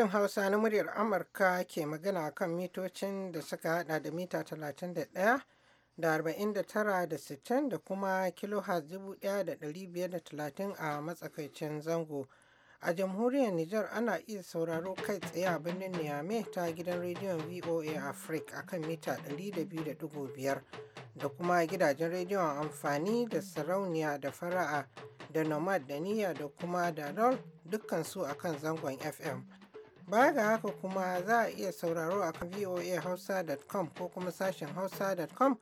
Sashen Hausa na muryar Amurka ke magana kan mitocin da suka hada da mita 31 da 49 da 60 da kuma kilohaz 1530 a matsakaicin zango. A jamhuriyar Nijar ana iya sauraro kai tsaye a birnin Niamey ta gidan rediyon VOA Africa a kan mita 200.5 da kuma gidajen rediyon amfani da sarauniya da fara'a da nomad da niyya da kuma da dukkan su akan zangon FM. Baya ga haka kuma za a iya sauraro a kan voahausa.com ko kuma sashen hausa.com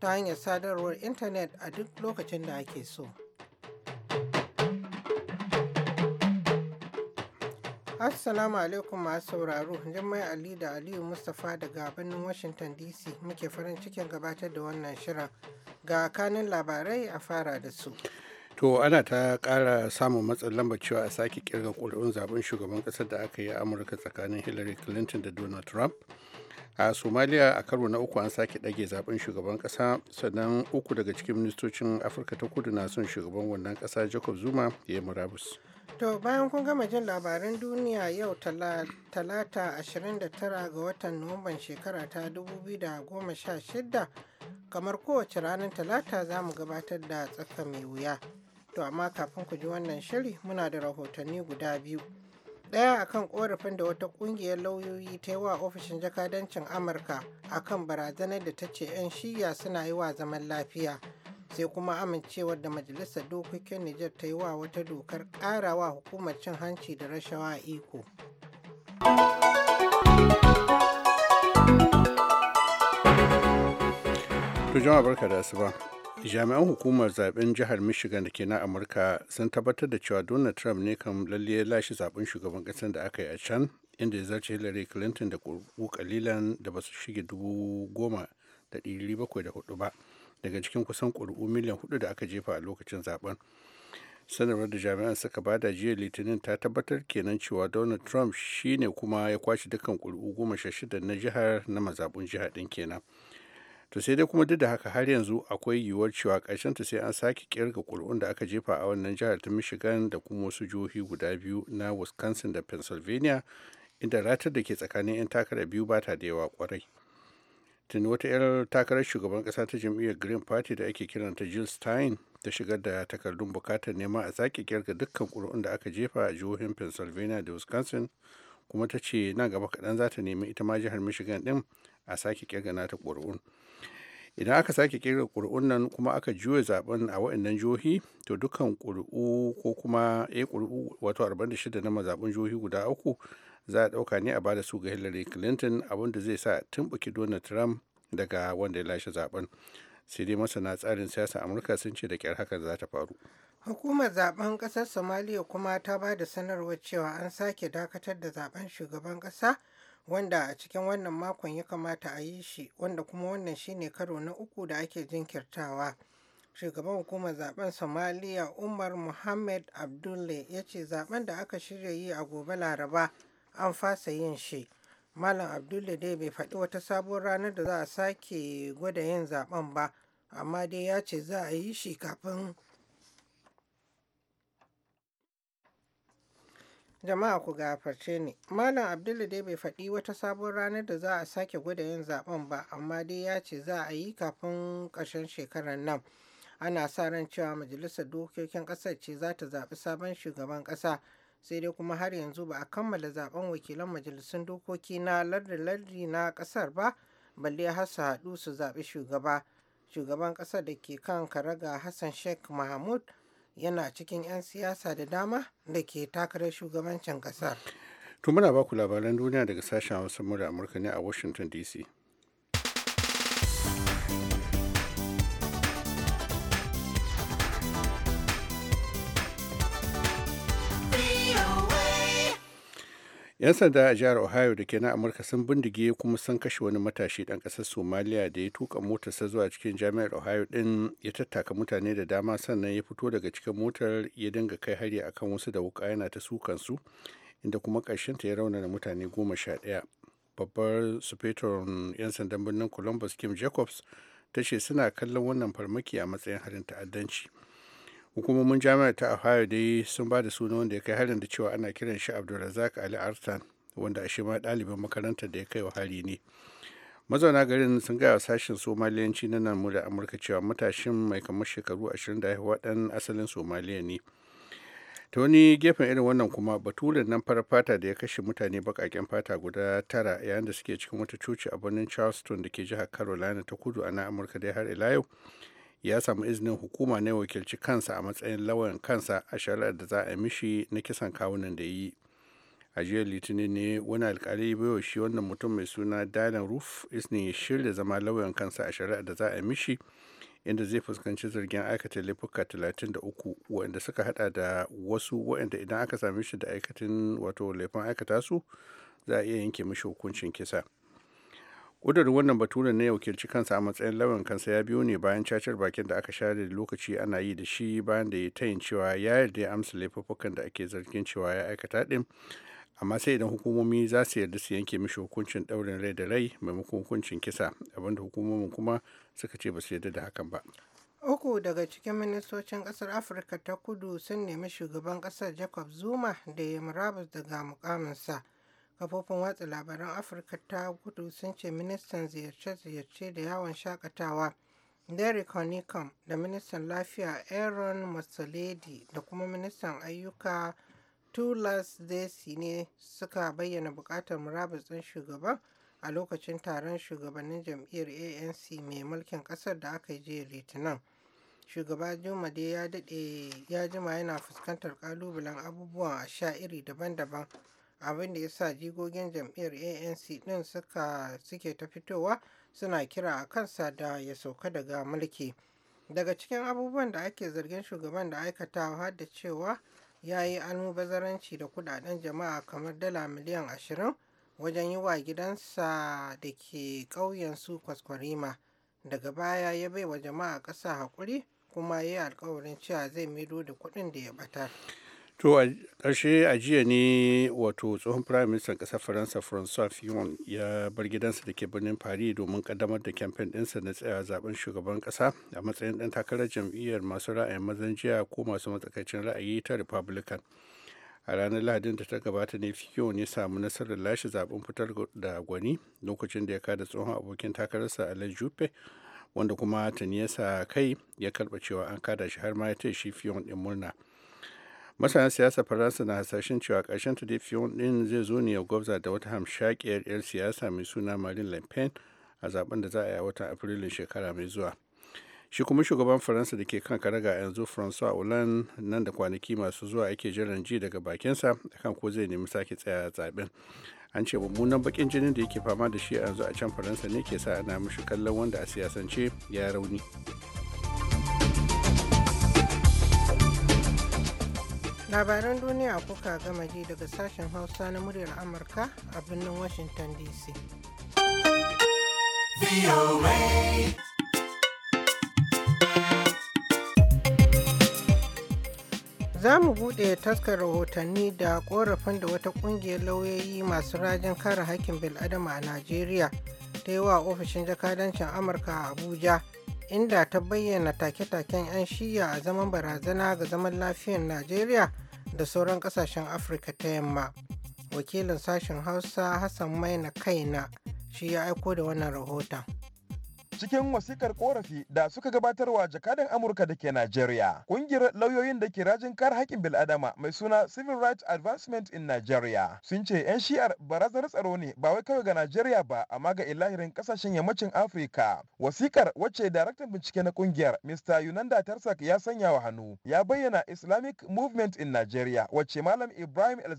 ta hanyar sadarwar intanet a duk lokacin da ake so. Assalamu alaikum masu sauraro, Jummai Ali da Aliyu Mustapha daga birnin Washington DC muke farin cikin gabatar da wannan shirin ga kanin labarai a fara da su. to ana ta kara samun matsin lamba cewa a sake kirga kuri'un zaben shugaban ƙasar da aka yi a amurka tsakanin hillary clinton da donald trump a somalia a karo na uku an sake ɗage zaben shugaban kasa sannan uku daga cikin ministocin afirka ta kudu na son shugaban wannan kasa jacob zuma ya yi murabus to bayan kun gama jin labaran duniya yau talata 29 ga watan nuwamban shekara ta 2016 kamar kowace ranar talata za mu gabatar da tsaka mai wuya To amma kafin ku ji wannan shiri muna da rahotanni guda biyu. Ɗaya akan korafin da wata ƙungiyar lauyoyi ta yi wa ofishin jakadancin Amurka akan barazanar da ta ce 'yan shiya suna yi wa zaman lafiya. Sai kuma amincewar da Majalisar Dokokin Nijar ta yi wa wata dokar ƙarawa hukumar cin hanci da rashawa iko. To jama'a barka da asuba. jami'an hukumar zaben jihar michigan da ke na amurka sun tabbatar da cewa donald trump ne kan lalle lashe zaben shugaban kasar da aka yi a can inda ya zarce hillary clinton da kurku kalilan da ba su shige dubu goma da ɗiri bakwai da hudu ba daga cikin kusan kurku miliyan hudu da aka jefa a lokacin zaben sanarwar da jami'an suka bada jiya litinin ta tabbatar kenan cewa donald trump shine kuma ya kwashe dukkan kurku goma sha shida na jihar na mazabun jihar din kenan to sai dai kuma duk da haka har yanzu akwai yiwuwar cewa ta sai an sake kirga ƙuri'un da aka jefa a wannan jihar ta michigan da kuma wasu jihohi guda biyu na wisconsin da pennsylvania inda ratar da ke tsakanin 'yan takarar biyu ba ta da yawa kwarai tuni wata 'yar takarar shugaban ƙasa ta jam'iyyar green party da ake kiranta jill stein ta shigar da takardun bukatar nema a sake kirga dukkan ƙuri'un da aka jefa a jihohin pennsylvania da wisconsin kuma ta ce nan gaba kaɗan za ta nemi ita ma jihar michigan ɗin a sake kirgana ta ƙuri'un idan aka sake kirga ƙuri'un nan kuma aka juya zaben a waɗannan jihohi to dukkan ƙuri'u ko kuma a eh, ƙuri'u wato 46 na mazaɓin jihohi guda uku za a ɗauka ne a ba da su ga hillary clinton abinda zai sa tumɓuki donald trump daga wanda ya lashe zaben sai dai masana tsarin siyasa amurka sun ce da kyar haka za ta faru hukumar zaben kasar somaliya kuma ta ba da sanarwar cewa an sake dakatar da zaben shugaban ƙasa. wanda a cikin wannan makon ya kamata a yi shi wanda kuma wannan shine karo na uku da ake jinkirtawa shugaban hukumar zaben somaliya umar muhammad abdulle ya ce zaben da aka shirya yi a gobe laraba an fasa yin shi malam abdulle dai bai faɗi wata sabuwar ranar da za a sake gwada yin zaben ba amma dai ya ce za a yi shi kafin Jama'a ku gafarce ni. Malam Abdullu dai bai faɗi wata sabon ranar da za a sake gwada yin zaben ba, amma dai ya ce za a yi kafin ƙarshen shekarar nan. Ana sa ran cewa majalisar dokokin ƙasar ce za ta zaɓi sabon shugaban ƙasa. Sai dai kuma har yanzu ba a kammala zaben wakilan majalisun dokoki na lardi-lardi na ƙasar ba, balle har su haɗu su zaɓi shugaba. Shugaban ƙasar da ke kan karaga Hassan Sheikh Mahmud yana cikin 'yan siyasa da dama da ke takarar shugabancin kasar. To muna ku labaran duniya daga sashen Hausa mura Amurka ne a Washington DC. 'yan sanda a jihar ohio da ke na amurka sun bindige kuma sun kashe wani matashi dan kasar somaliya da ya tuka motarsa zuwa cikin jami'ar ohio din ya tattaka mutane da dama sannan ya fito daga cikin motar ya dinga kai hari akan wasu da wuka yana ta su inda kuma ta ya raunana mutane goma sha ɗaya babbar sufeton 'yan sandan birnin columbus kim jacobs ta ce suna kallon wannan farmaki a matsayin harin ta'addanci hukumomin jami'ar ta ohio dai sun ba da suna wanda ya kai harin da cewa ana kiran shi abdulrazak ali artan wanda a shi ma ɗalibin makarantar da ya kai wa hari ne mazauna garin sun gaya sashen somaliyanci na nan da amurka cewa matashin mai kamar shekaru ashirin da haihuwa ɗan asalin somaliya ne ta wani gefen irin wannan kuma baturen nan farar fata da ya kashe mutane bakaken fata guda tara yayin da suke cikin wata coci a birnin charleston da ke jihar carolina ta kudu a na amurka dai har ila yau ya samu izinin hukuma na wakilci kansa a matsayin lawan kansa a shari'ar da za a mishi na kisan kawunan da yi a jiya litinin ne wani alkali baiwa shi wannan mutum mai suna dalin ruf isni ya shirya zama lauyan kansa a shari'ar da za a mishi inda zai fuskanci zargin aikata laifuka 33 wanda suka hada da wasu waɗanda idan aka same shi da aikatin wato laifin aikata su za a iya yanke mishi hukuncin kisa ƙudurin wannan baturen na yau kirci kansa a matsayin lawan kansa ya biyo ne bayan cacar bakin da aka share da lokaci ana yi da shi bayan da ya tayin cewa ya yarda ya amsa laifuffukan da ake zargin cewa ya aikata ɗin amma sai idan hukumomi za su yarda su yanke mishi hukuncin ɗaurin rai da rai maimakon hukuncin kisa abinda hukumomin kuma suka ce ba su yarda da hakan ba uku daga cikin ministocin kasar afirka ta kudu sun nemi shugaban ƙasar jacob zuma da ya murabus daga mukaminsa. kafofin watsa labaran afirka ta gudu sun ce ministan ziyarce-ziyarce da yawon shakatawa derek honeycomb da ministan lafiya aaron masaledi da kuma ministan ayyuka tulas desi ne suka bayyana bukatar murabutsin shugaban a lokacin taron shugabannin jam'iyyar anc mai mulkin kasar da aka yi jiya litinin shugaba dai ya daɗe ya jima yana fuskantar kalubalen abubuwan a sha iri daban-daban abin da ya sa jigogin jam'iyyar anc ɗin suka suke ta fitowa suna kira a kansa da ya sauka daga mulki daga cikin abubuwan da ake zargin shugaban da aikata har da cewa ya yi almubazaranci da kudaden jama'a kamar dala miliyan ashirin wajen yi wa gidansa da ke ƙauyen su kwaskwarima daga baya ya bai wa jama'a ƙasa haƙuri kuma ya yi alkawarin cewa zai maido da kuɗin da ya ɓatar. To a ƙarshe a jiya ne wato tsohon Prime Minister ƙasar Faransa François Fillon ya bar gidansa da ke birnin Paris domin ƙaddamar da kyamfen ɗinsa na tsaya zaben shugaban ƙasa a matsayin ɗan takarar jam'iyyar masu ra'ayin mazan jiya ko masu matsakaicin ra'ayi ta Republican. A ranar Lahadin da ta gabata ne Fillon ya samu nasarar lashe zaben fitar da gwani lokacin da ya kada tsohon abokin takararsa Alain Juppe wanda kuma tuni ya kai ya karɓa cewa an kada shi har ma ya taya shi Fillon ɗin murna. masana siyasa faransa na hasashen cewa karshen ta fiyon din zai zo ne ya gwabza da wata hamshakiyar 'yar siyasa mai suna marine le pen a zaben da za a yi a watan afrilun shekara mai zuwa shi kuma shugaban faransa da ke kan karaga yanzu francois hollande nan da kwanaki masu zuwa ake jiran ji daga bakinsa kan ko zai nemi sake tsaya a zaben an ce mummunan bakin jinin da yake fama da shi yanzu a can faransa ne ke sa ana mashi kallon wanda a siyasance ya rauni labaran duniya kuka gama ji daga sashen hausa na muryar amurka a birnin washington dc za mu buɗe taskar rahotanni da korafin da wata ƙungiyar lauyoyi masu rajin kare haƙƙin bil'adama a najeriya ta yi wa ofishin jakadancin amurka a abuja inda ta bayyana take-taken 'yan shiya a zaman barazana ga zaman lafiyar najeriya da sauran kasashen afirka ta yamma wakilin sashen hausa hassan maina kaina shi ya aiko da wannan rahoton cikin wasikar korafi da suka gabatarwa jakadan amurka da ke nigeria kungiyar lauyoyin da ke rajin kar haƙƙin bil'adama mai suna civil rights advancement in nigeria sun ce 'yan shi'ar barazanar tsaro ne ba wai kawai ga nigeria ba amma ga ilahirin kasashen yammacin afirka wasikar wacce daraktan bincike na kungiyar mr yunanda tarsak ya sanya wa hannu ya bayyana islamic movement in nigeria wacce malam ibrahim el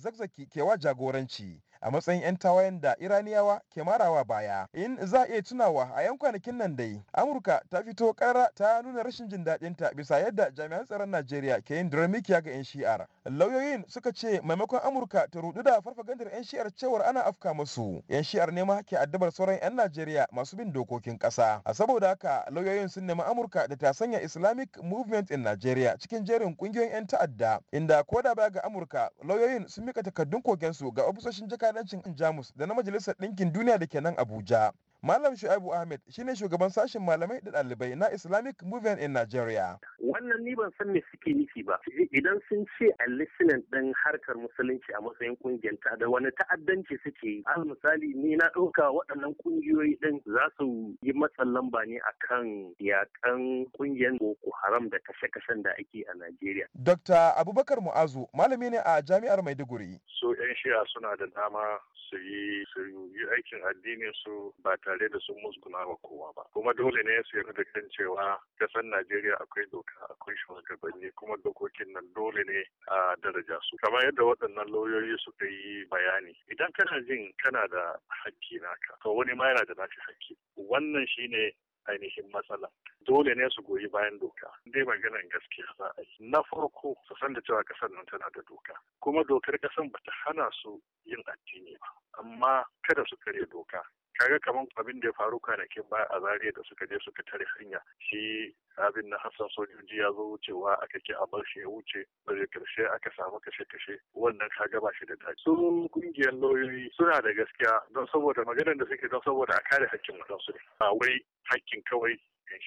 ke wa jagoranci a matsayin 'yan tawayen da iraniyawa ke marawa baya in za a iya tunawa a yan kwanakin nan dai amurka ta fito karara ta nuna rashin jin daɗinta bisa yadda jami'an tsaron najeriya ke yin duramikiya ga 'yan shi'ar lauyoyin suka ce maimakon amurka ta rudu da farfagandar 'yan shi'ar cewar ana afka masu 'yan shi'ar ne ma ke addabar sauran 'yan najeriya masu bin dokokin kasa a saboda haka lauyoyin sun nema amurka da ta sanya islamic movement in nigeria cikin jerin kungiyoyin 'yan ta'adda inda ko da baya ga amurka lauyoyin sun mika takardun kokensu ga ofisoshin jakadancin jamus da na majalisar ɗinkin duniya da ke nan abuja Malam Shu'aibu Ahmed shine shugaban sashen malamai da ɗalibai na Islamic Movement in Nigeria. Wannan ni ban san me suke nufi ba. Idan sun ce a listening ɗin harkar musulunci a matsayin ƙungiyar da wani ta'addanci suke yi. Al misali ni na ɗauka waɗannan ƙungiyoyi ɗin za su yi matsan lamba ne kan yaƙan ƙungiyar Boko Haram da kashe-kashen da ake a Najeriya. Dr. Abubakar Mu'azu malami ne a Jami'ar Maiduguri. So 'yan shi'a suna da dama su yi su yi aikin addinin su ba tare da sun musguna wa kowa ba kuma dole ne su yarda da kan cewa kasar Najeriya akwai doka akwai shugabanni kuma dokokin nan dole ne a daraja su kamar yadda waɗannan lauyoyi suka yi bayani idan kana jin kana da hakki naka to wani ma yana da naka hakki wannan shine ainihin matsala dole ne su goyi bayan doka dai maganar gaskiya za a yi na farko su san da cewa kasar nan tana da doka kuma dokar kasan bata hana su yin addini ba amma kada su karya doka kaga kaman abin da ya faru kwanakin ba a zariya da suka je suka tare hanya shi abin na hassan sojoji ya zo wucewa aka ki a bar shi ya wuce daga karshe aka samu kashe kashe wannan kaga ba shi da daji su kungiyar lauyoyi suna da gaskiya don saboda maganar da suke don saboda a kare hakkin wadansu ne ba wai hakkin kawai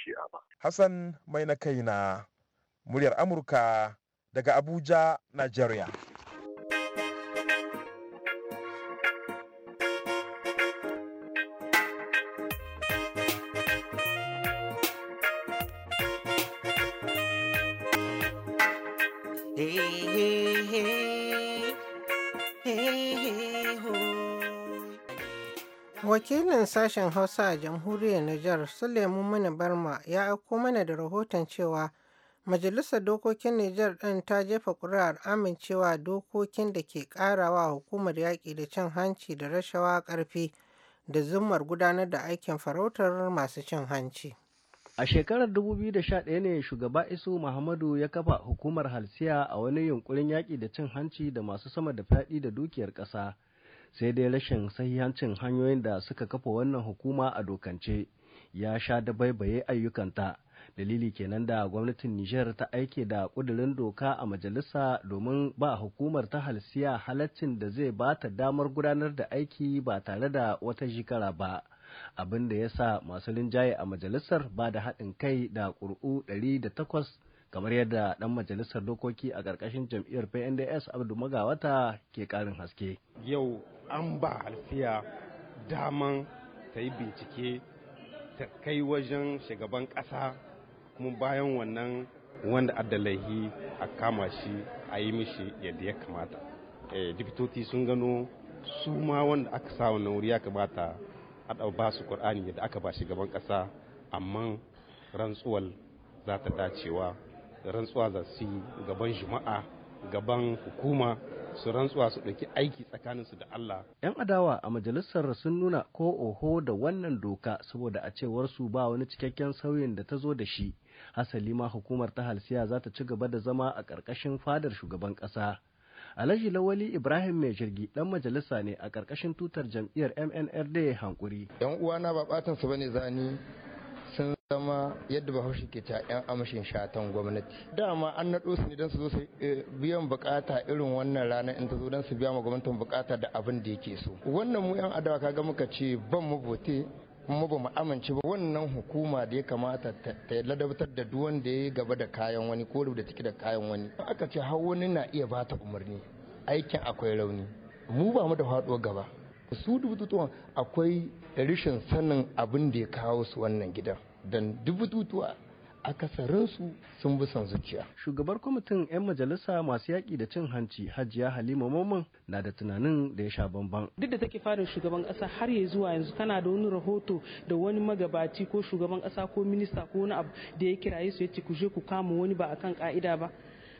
shi a ba hassan mai na kai na muryar amurka daga abuja nigeria sashen Hausa a jamhuriyar Nijar Suleiman Muni Barma ya aiko mana da rahoton cewa Majalisar Dokokin Nijar ɗin ta jefa ƙuri'ar amincewa dokokin da ke ƙarawa hukumar yaƙi da cin hanci da rashawa ƙarfi da zumar gudanar da aikin farautar masu cin hanci. A shekarar 2011 ne shugaba Isu Muhammadu ya kafa hukumar halsiya a wani yunkurin yaƙi da cin hanci da masu sama da fyaɗi da dukiyar ƙasa. sai dai rashin sahihancin hanyoyin da suka kafa wannan hukuma a dokance ya sha da baibaye ayyukanta dalili kenan da gwamnatin Nijar ta aike da kudirin doka a majalisa domin ba hukumar ta halsiya halaccin da zai ba ta damar gudanar da aiki ba tare da wata shekara ba abin da ya sa masu rinjaye a majalisar ba da haɗin kai da ƙuri'u takwas. kamar yadda dan majalisar dokoki a ƙarƙashin jam'iyyar pnds abdu magawata ke ƙarin haske yau an ba alfiya daman ta yi bincike ta kai wajen shugaban ƙasa kuma bayan wannan wanda adalahi a kama shi a yi mishi yadda ya kamata eh, dipitoti sun gano su ma wanda aka sa wannan wuri ya kamata a ba su ƙur'ani yadda aka ba shugaban ƙasa amma rantsuwal za ta dacewa rantsuwa za su yi gaban gaban hukuma su rantsuwa su ɗauki aiki tsakaninsu da Allah. 'Yan adawa a majalisar sun nuna ko oho da wannan doka saboda a cewar su ba wani cikakken sauyin da ta zo da shi. Hasali ma hukumar ta halsiya za ta ci gaba da zama a ƙarƙashin fadar shugaban ƙasa. Alhaji Lawali Ibrahim Mai Jirgi ɗan majalisa ne a ƙarƙashin tutar jam'iyyar MNRD hankuri. ‘Yan uwana ba ɓatan su bane zani zama yadda bahaushe ke ta 'yan amshin shatan gwamnati dama an naɗo su ne don su zo su eh, biyan bukata irin wannan rana in ta zo don su biya ma gwamnatin bukata da abin da yake so wannan mu 'yan adawa kaga muka ce ban mu bote kuma ba mu amince ba wannan hukuma da ya kamata ta ladabtar da duk wanda ya gaba da kayan wani ko da ciki da kayan wani aka ce har wani na iya ba ta umarni aikin akwai rauni mu ba mu da faɗo gaba su dubututuwan akwai rashin sanin abin da ya kawo su wannan gidan don dubututuwa akasarinsu sun bi son zuciya. Shugabar kwamitin 'yan majalisa masu yaƙi da cin hanci Hajiya Halima Momon na da tunanin da ya sha bamban. Duk da take fara shugaban ƙasa har ya zuwa yanzu tana da wani rahoto da wani magabaci ko shugaban ƙasa ko minista ko wani abu da ya kiraye su ya ce ku je ku kama wani ba akan ka'ida ba.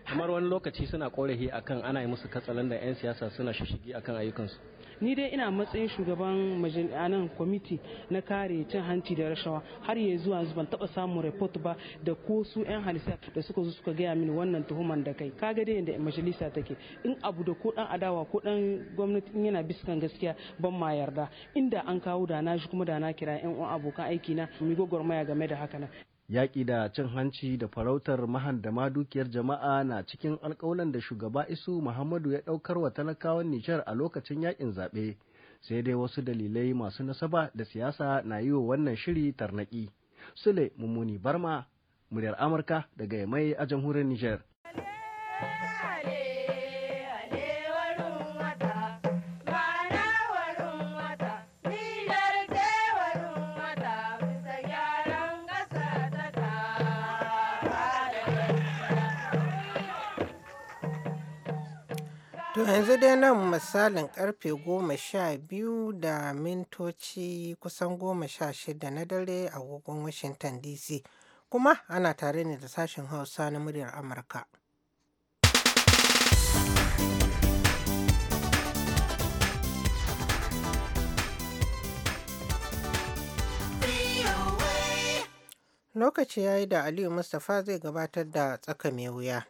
kamar wani lokaci suna korafi akan ana yi musu katsalan da 'yan siyasa suna shishigi akan ayyukansu ni dai ina matsayin shugaban majalisar kwamiti na kare cin hanci da rashawa har ya zuwa ban taba samun report ba da ko su 'yan halisa da suka zo suka gaya mini wannan tuhuman da kai kaga dai yadda majalisa take in abu da ko dan adawa ko dan gwamnati in yana biskan gaskiya ban ma yarda inda an kawo da na shi kuma da na kira 'yan uwan abokan aiki na gwagwarmaya game da haka nan Yaƙi da cin hanci da farautar mahandama dukiyar jama'a na cikin alƙawalan da shugaba Isu Muhammadu ya ɗaukar wa talakawan Nijar a lokacin yaƙin zaɓe, sai dai wasu dalilai masu nasaba da siyasa na yi wa wannan shiri tarnaƙi. Sule Mummuni Barma, muryar Amurka daga Yamai a jamhuriyar Nijar. To yanzu dai nan misalin karfe goma sha biyu da mintoci kusan goma sha shida na dare a agogon Washington DC. Kuma ana tare ne da sashen Hausa na muryar Amurka. Lokaci ya yi da Aliyu Mustapha zai gabatar da tsaka mai wuya.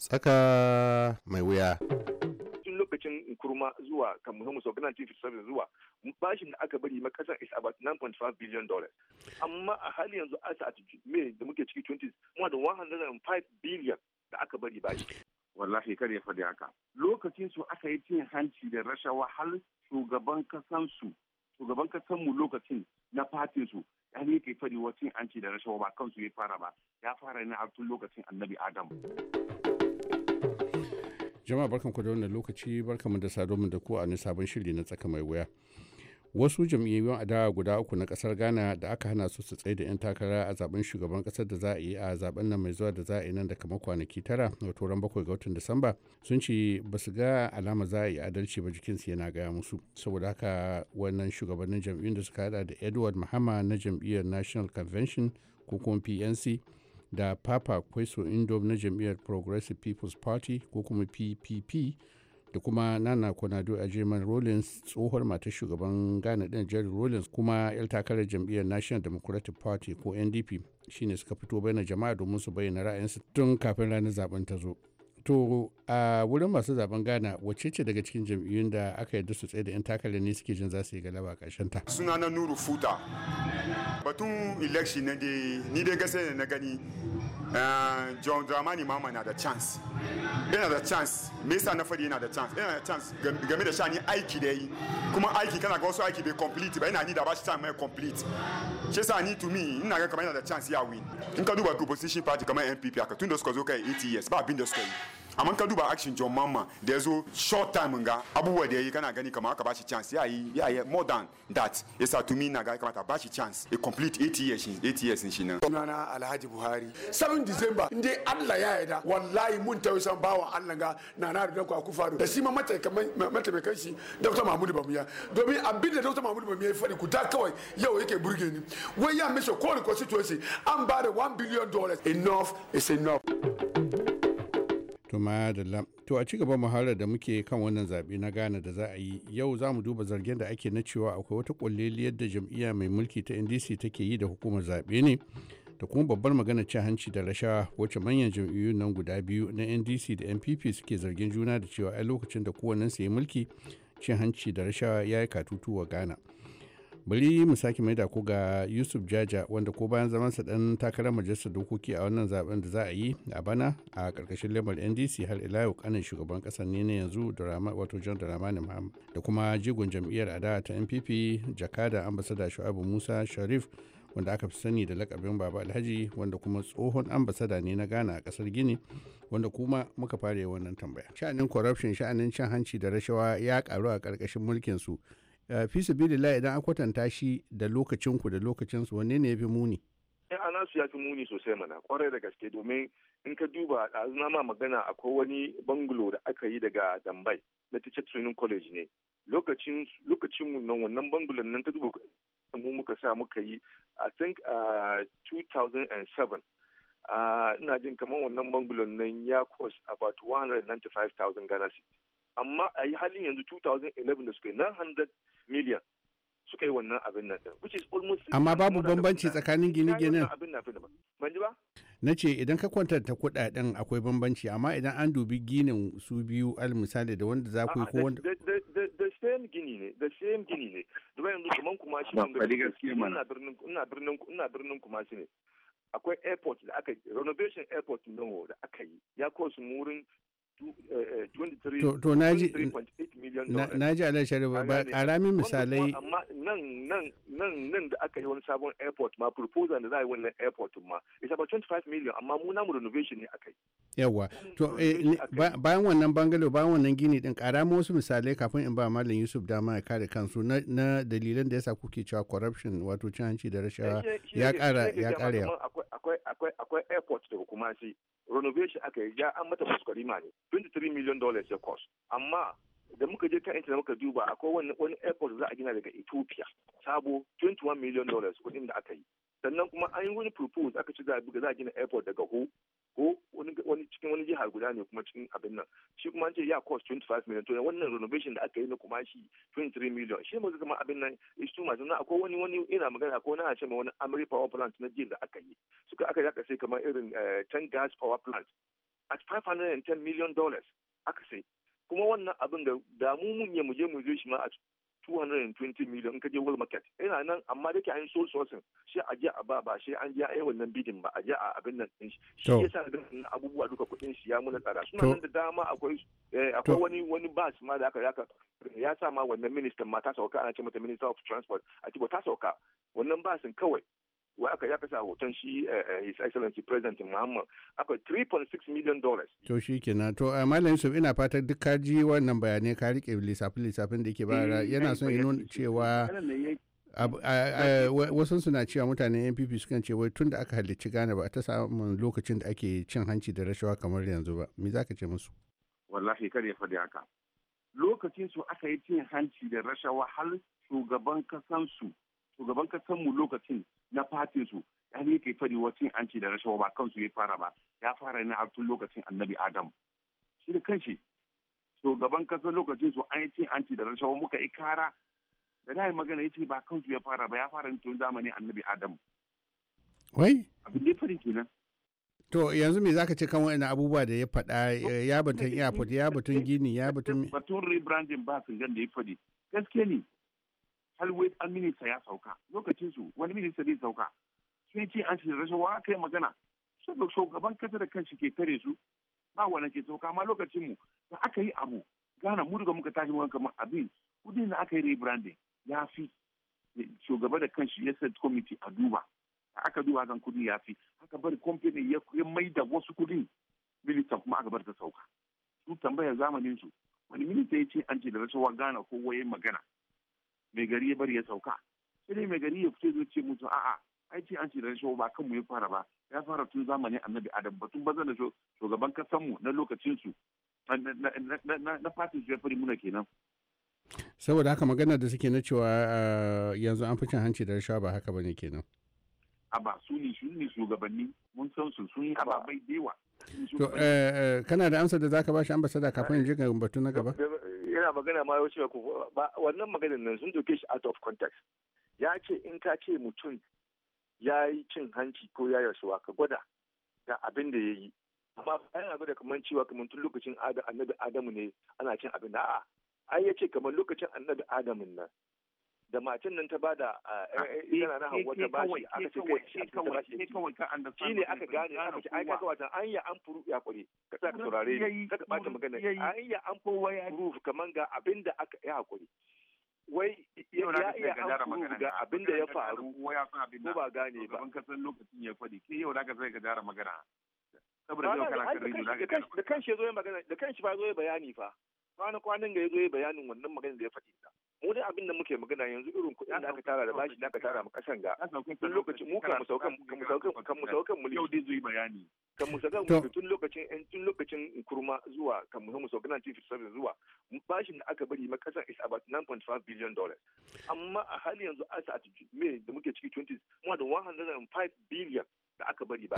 Tsaka mai wuya. nkuruma zuwa kan muhimmin so zuwa bashin da aka bari makasar is about 9.5 billion dollars amma a hali yanzu a mai da muke ciki 20 muna da 105 billion da aka bari bashi wallahi kar ya faɗi haka lokacin su aka yi cin hanci da rashawa har shugaban kasan su shugaban kasan mu lokacin na fatin su ya ne ke faɗi cin hanci da rashawa ba kansu ya fara ba ya fara ne a tun lokacin annabi adam jama'a barkan ku da wannan lokaci mu da sadomin da ku a ni sabon shiri na tsaka mai wuya wasu jam'iyyun adawa guda uku na kasar ghana da aka hana su su tsaye da 'yan takara a zaben shugaban kasar da za a yi a zaben nan mai zuwa da za a yi nan da kama kwanaki tara wato ran bakwai ga watan disamba sun ce ba su ga alama za a yi adalci ba su yana gaya musu saboda haka wannan shugabannin jam'iyyun da suka hada da edward mahama na jam'iyyar national convention ko kuma pnc da papa kwaso indom na jam'iyyar progressive people's party ko kuma ppp da kuma nana konado a jerman rollins tsohuwar matar shugaban ghana din jerry rollins kuma yar takarar jam'iyyar national democratic party ko ndp shine suka fito bayan jama'a domin su bayyana ra'ayinsu tun kafin ranar zaben ta zo to a wurin masu zaben gana wacce ce daga cikin jam'iyyun da aka yarda su tsaye da 'yan takarar ne suke jin za su yi galaba a ƙarshen ta suna na nuru futa batun election na dai ni dai gasa na gani Eh, John Dramani Mama na da chance yana da chance me yasa na fadi yana da chance yana da chance game da shani aiki da yi kuma aiki kana ga wasu aiki bai complete ba yana ni da ba shi time mai complete shi sa ni to me ina ga kamar yana da chance ya win in ka duba opposition party kamar NPP aka tun da suka zo kai years ba abin da suka yi amma ka duba action John Mamma da ya zo short time ga abubuwa da ya yi kana gani kamar aka bashi chance ya yi ya yi more than that yasa to me na ga kamata bashi chance a complete 8 years 8 years in shi nan sunana Alhaji Buhari 7 December inde Allah ya yarda wallahi mun tausan bawa Allah ga na na da ku akufaru da shi ma mata mataimakan shi Dr. Mahmud Bamiya domin abin da Dr. Mahmud Bamiya ya faɗi ku ta kawai yau yake burge ni wai ya mishi kowane constituency an ba da 1 billion dollars enough is enough ma madalla to a ci gaba muhalar da muke kan wannan zaɓe na ghana da za a yi yau za mu duba zargen da ake na cewa akwai wata ƙwalleliyar da jam'iyya mai mulki ta ndc take yi da hukumar zaɓe ne da kuma babbar magana cin hanci da rashawa wacce manyan jam'iyyun nan guda biyu na ndc da npp suke zargin juna da cewa a lokacin da kowannen su yi mulki cin hanci da rashawa ya yi katutu wa ghana bari mu sake mai da ku ga yusuf jaja wanda ko bayan zamansa dan takarar majalisar dokoki a wannan zaben da za a yi a bana a karkashin lamar ndc har ila yau kanin shugaban kasar ne na yanzu wato john dramani muhammad da kuma jigon jam'iyyar adawa ta npp jakada ambasada shu'abu musa sharif wanda aka fi sani da lakabin baba alhaji wanda kuma tsohon ambasada ne na ghana a kasar gini wanda kuma muka fara wannan tambaya sha'anin corruption sha'anin cin hanci da rashawa ya karu a karkashin mulkin su Eh, fi su idan an kwatanta shi da lokacinku da lokacinsu wanne ne ya fi muni eh, ana su ya fi muni sosai mana kwarai da gaske domin in ka duba a nama magana akwai wani bangalo da aka yi daga dambai na teacher training college ne lokacin lokacin nan wannan bangalo nan ta duba mu muka sa muka yi i think uh, ah, 2007 ina jin kamar wannan bangalon nan ya cost about 195,000 Ghana city amma a yi halin yanzu 2011 da suka yi 900 million suka yi wannan abin nan which is almost amma babu bambanci tsakanin gine-ginen abin na ba ban ji ba na ce idan ka kwantanta kudaden akwai bambanci amma idan an dubi ginin su biyu al misali da wanda za ku yi ko wanda the same gini ne the same gini ne duba yanzu kaman kuma shi ban gari birnin ina birnin ina birnin kuma shi ne akwai airport da aka renovation airport din da aka yi ya kawo su murin to na ji alai shari'a ba ƙaramin misalai amma nan nan nan nan da aka yi wani sabon airport ma proposal da za a yi wannan airport ma about 25 million amma mu namu renovation ne aka yi yawa to eh, bayan wannan bangalo bayan wannan gini din karamin wasu misalai kafin in ba malam yusuf dama ya kare kansu na dalilan da yasa kuke cewa corruption wato cin hanci da rashawa eh, ya ya akwai airport daga kuma renovation aka yi ya an mata ma ne 23 million dollars ya cost amma da muka je kan intanet muka duba akwai wani airport za a gina daga Ethiopia sabo 21 million dollars kudin da aka yi sannan kuma an yi wani propose aka ci za a gina airport daga ho ko wani cikin wani jihar guda ne kuma cikin abin nan shi kuma an ce ya cost 25 million to wannan renovation da aka yi na kuma shi 23 million shi ma zama abin nan is too much na akwai wani wani ina magana ko na ce ma wani Amri power plant na jihar da aka yi suka aka yi aka sai kamar irin eh, ten gas power plant at 510 million dollars aka sai kuma wannan abin da damu mun ya muje mu je shi ma 220 million in ka je world market ina nan amma dake an sole sourcing shi a je a ba ba shi an je a yi wannan bidin ba a je a abin nan din shi shi yasa da abubuwa duka kudin shi ya muna tsada suna nan da dama akwai eh, akwai wani wani bus ma da aka yaka ya sa ma wannan minister ma ta sauka ana ce mata minister of transport a ce ta sauka wannan basin kawai wa aka ya kasa hoton shi eh, eh, his excellency president muhammad aka 3.6 million dollars to shi kenan to eh, malam yusuf ina fatar duk ka ji wannan bayanai ka rike lissafin lissafin da yake bara yana son ya nuna cewa wasu suna cewa mutanen npp sukan ce wai tun da aka halicci gane ba ta samun lokacin da ake cin hanci da rashawa kamar yanzu ba me za ka ce musu wallahi kar ya faɗi haka lokacin su aka yi cin hanci da rashawa har shugaban kasansu shugaban mu lokacin na fatin su ne yake fari wacin anci da rashawa ba kansu ya fara ba ya fara ne a tun lokacin annabi adam shi da kanshi shugaban kasar lokacin su an yi cin anci da rashawa muka yi kara da na yi magana ya ce ba kansu ya fara ba ya fara ne tun zamanin annabi adam wai abin da fari kenan to yanzu me zaka ce kan wa'annan abubuwa da ya faɗa ya batun airport ya batun gini ya batun batun rebranding ba su gan da ya faɗi gaske ne wai an minista ya sauka lokacin su wani minista zai sauka sun ce an shi rashawa wa kai magana ga shugaban kasa da kanshi ke tare su ba wannan ke sauka amma lokacin mu da aka yi abu gana mu daga muka tashi muka kamar abin kudi da aka yi rebranding ya fi shugaba da kanshi ya set committee a duba aka duba kan kudi ya fi aka bari company ya mai da wasu kudin minista kuma aka bar ta sauka su tambaya zamanin su wani minista ya ce an ce da wa gana ko waye magana mai gari ya bari ya sauka sai mai gari ya fito zai ce musu a'a ai ce an ce da ba kanmu ya fara ba ya fara tun zamanin annabi adam batun baza da shugaban kasanmu na lokacinsu na fatin su ya fari muna kenan saboda haka magana da suke na cewa ah, yanzu an fi cin hanci da rashawa ba haka bane kenan a ba su ne su ne shugabanni mun san su sun yi ababai da yawa to eh, eh, kana da amsa da zaka bashi ambasada kafin je ga batu na gaba yana magana ma yau ba wannan maganin nan sun doke shi out of context ya ce in ka ce mutum ya yi cin hanci ko ya yi rasuwa ka gwada ga abin da ya yi amma bayan abin da kamar cewa kamar tun lokacin annabi adamu ne ana cin abin a'a ai ya ce kamar lokacin annabi adamu nan da matan nan ta bada a yana eh, eh, na hawa ta bashi aka ce kai shi ta bashi shi ne aka gane aka ce ai kaga wata an ya an furu ya kware ka sa ka saurare ka ka bata magana an ya an furu kaman ga abinda aka ya hakuri wai ya iya an ga abin da ya faru waya sun ko ba gane ba. Ban kasan lokacin ya fadi ke yau zaka sai ka dara magana. Saboda yau kana kan rido zaka dara magana. Da kanshi zo ya magana, da kanshi ba zo ya bayani fa. Kwanan kwanan ga ya zo ya bayanin wannan magana da ya fadi ta. mu dai abin da muke magana yanzu irin kuɗin da aka tara da bashi da aka tara mu kasan ga tun lokacin mu kan musaukan saukan kan mu saukan kan mu mu yau dai zai bayani kan musaukan mu tun lokacin en tun lokacin kuruma zuwa kan mu musaukan nan tifi sabin zuwa bashin da aka bari ma kasan is about 9.5 billion dollars amma a hali yanzu asa at me da muke ciki 20 mu da 105 billion da aka bari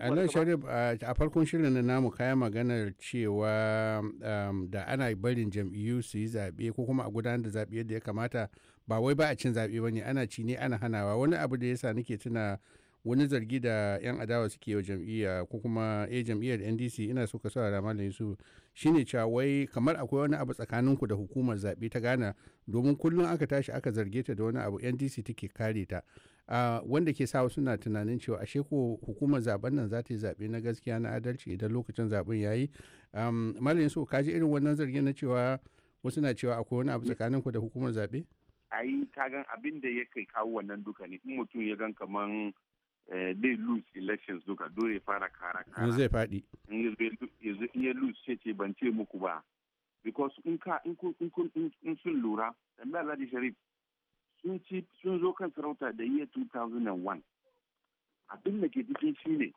a nan sharif a farkon shirin na namu kayan maganar cewa um, da ana barin jam'iyyu su yi zaɓe ko kuma a gudanar da zaɓe yadda ya kamata ba wai ba a cin zaɓe ba ne ana ci ne ana hanawa wani abu da yasa nake tuna wani zargi da 'yan adawa suke wa jam'iyya ko kuma a eh, jam'iyyar ndc ina so ka saurara malam yusuf shine cewa wai kamar akwai wani abu tsakanin ku da hukumar zaɓe ta ghana domin kullum aka tashi aka zarge ta da wani abu ndc take kare ta wanda ke sa suna tunanin cewa ashe ko hukumar zaben nan za ta yi zaɓe na gaskiya na adalci idan lokacin zaben ya yi malayin so kaji irin wannan zargin na cewa wasu na cewa akwai wani abu tsakanin ku da hukumar zaɓe ka kagan abin da ya kai kawo wannan duka ne in mutum ya gan kaman eh, zai lose elections duka dole ya fara kara kara zai faɗi in ya lose ce ce ban ce muku ba because in ka in sun lura dan Alhaji Sharif sun ci sun zo kan sarauta da year 2001 abin da ke cikin shi ne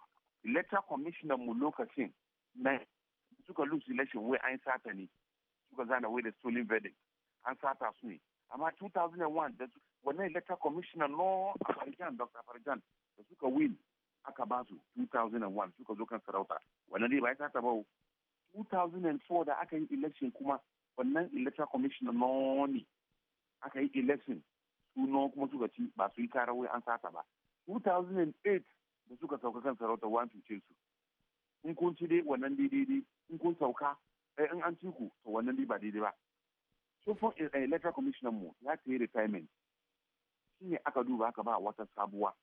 letter commissioner mu lokacin na suka lose election wai an sata ne suka zana wai da stolen verdict an sata su ne amma 2001 da wannan letter commissioner no afarjan dr afarjan da suka win aka ba su 2001 suka zo kan sarauta wannan dai ba ya sata ba 2004 da aka yi election kuma wannan electoral commissioner no ne aka yi election sunan kuma suka ci ba su yi kara wai an sata ba 2008 da suka sauka kan sarauta wan cuce su in kun ci dai wannan daidai in kun sauka eh, in an ci ku to wannan dai ba daidai ba tsofon eh, electoral commissioner mu ya ta yi retirement shi ne aka duba aka ba wata sabuwa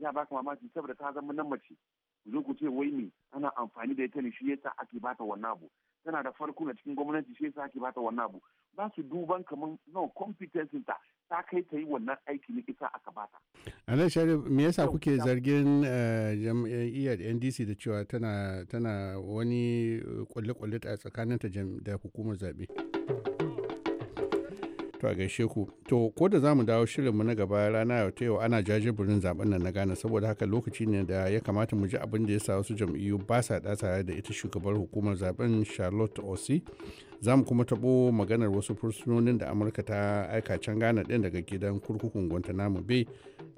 ya ba ka mamaki saboda ta zama nan mace ku zo ku ce wai me ana amfani da ita ne shi yasa ake bata wannan abu tana da farko na cikin gwamnati shi yasa ake bata wannan abu ba su duban kamar no competence ta ta kai ta yi wannan aiki ne ita aka bata. Anan Sharif me yasa kuke zargin eh, jam'iyyar NDC da cewa tana wani kulle-kulle eh, a tsakaninta da hukumar zaɓe? To a gaishe ku. To ko da zamu mu dawo shirinmu na gaba rana yau ta yau ana jajibirin zaben nan na Ghana saboda haka lokaci ne da ya kamata mu ji abin da ya sa wasu jam'iyyu ba sa da ita shugabar hukumar zaben Charlotte Osi za mu kuma taɓo maganar wasu fursunonin da amurka ta aika can ghana ɗin daga gidan kurkukun guantanamo bay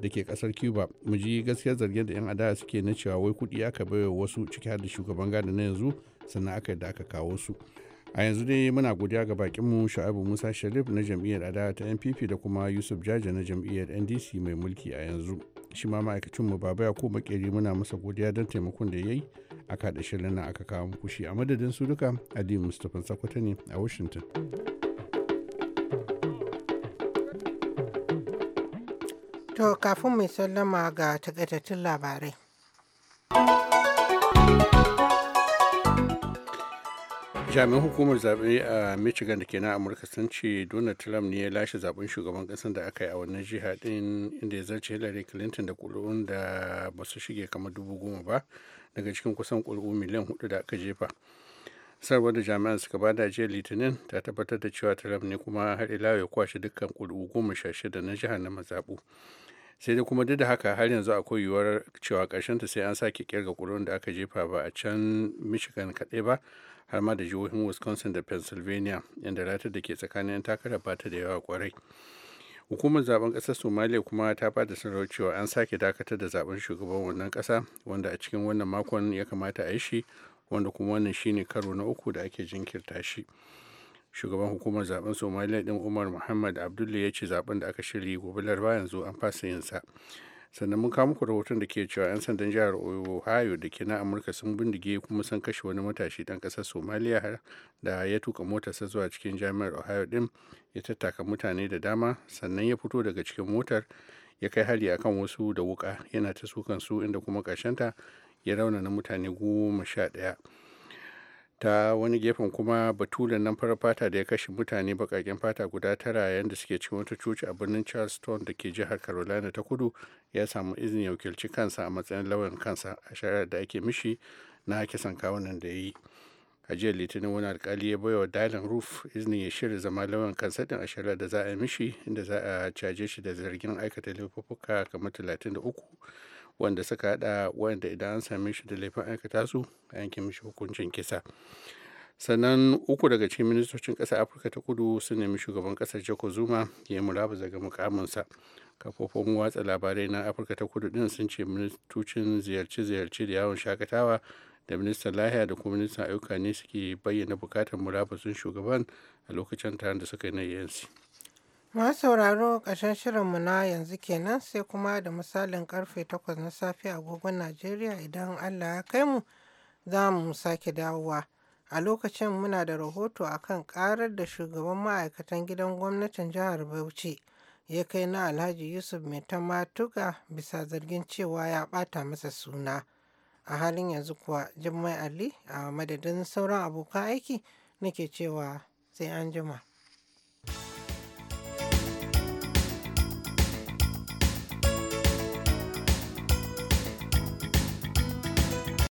da ke ƙasar cuba mu ji gaskiyar zargin da 'yan adawa suke na cewa wai kuɗi aka baiwa wasu ciki har da shugaban ghana na yanzu sannan aka da aka kawo su a yanzu dai muna godiya ga bakinmu sha'abu musa sharif na jam'iyyar adawa ta npp da kuma yusuf jaja na jam'iyyar ndc mai mulki a yanzu shi ma ma'aikacinmu baba ya ko makeri muna masa godiya don taimakon da ya yi aka haɗa shirin nan aka kawo muku shi a madadin su duka aliyu mustapha sakwata ne a washington to kafin mai sallama ga takaitattun labarai jami'an hukumar zaɓe a michigan da ke na amurka sun ce donald trump ne ya lashe zaben shugaban ƙasar da aka yi a wannan jiha ɗin inda ya zarce hillary clinton da ƙuri'un da ba su shige kamar dubu goma ba daga cikin kusan ƙuri'u miliyan hudu da aka jefa sarwa da jami'an suka bada jiya litinin ta tabbatar da cewa trump ne kuma har ila ya kwashe dukkan ƙuri'u goma sha shida na jihar na mazaɓu sai dai kuma duk da haka har yanzu akwai yiwuwar cewa karshen ta sai an sake kirga ƙuri'un da aka jefa ba a can michigan kaɗai ba har ma da jihohin wisconsin da pennsylvania inda ratar da ke tsakanin 'yan takarar ba ta da yawa kwarai hukumar zaben kasar somalia kuma ta bada sanarwar cewa an sake dakatar da zaben shugaban wannan kasa wanda a cikin wannan makon ya kamata a yi shi wanda kuma wannan shine karo na uku da ake jinkirta shi shugaban hukumar zaben somalia din umar muhammad abdullahi ya ce zaben da aka shirya gobe larba yanzu an fasa yin sa sannan mun kawo muku rahoton da ke cewa 'yan sandan jihar ohio da ke na amurka sun bindige kuma sun kashe wani matashi dan kasar somaliya da ya tuka motarsa zuwa cikin jami'ar ohio din ya tattaka mutane da dama sannan ya fito daga cikin motar ya kai hari akan wasu da wuka yana ta sukan su inda kuma kashenta ya rauna na mutane goma sha ɗaya ta wani gefen kuma batulen nan farar fata da ya kashe mutane bakaken fata guda tara yayin da suke cikin wata coci a birnin charleston da ke jihar carolina ta kudu ya samu izinin ya wakilci kansa a matsayin lauyan kansa a shari'ar da ake mishi na kisan kawunan da ya yi a jiya litinin wani alkali ya baiwa dalin roof izinin ya shirya zama lauyan kansa din a shari'ar da za a yi mishi inda za a caje shi da zargin aikata laifuka kamar talatin da uku. wanda suka hada wanda idan an same shi da laifin aikata su a yankin mishi hukuncin kisa sannan uku daga cikin ministocin ƙasar afirka ta kudu sun nemi shugaban ƙasar jako zuma ya yi murabu daga mukaminsa kafofin watsa labarai na afirka ta kudu din sun ce ministocin ziyarce-ziyarce da yawon shakatawa da ministan lahiya da kuma ministan ayyuka ne suke bayyana bukatar murabusun shugaban a lokacin taron da suka yi na yansi Masu sauraro ƙarshen shirinmu na yanzu kenan sai kuma da misalin karfe 8 na safe agogon Najeriya idan Allah ya kai mu za mu sake dawowa. A lokacin muna da rahoto akan ƙarar da shugaban ma'aikatan gidan gwamnatin jihar Bauchi ya kai na Alhaji Yusuf Mai Tuga bisa zargin cewa ya ɓata masa suna. A halin yanzu kuwa Jummai Ali a madadin sauran abokan aiki nake cewa sai an jima.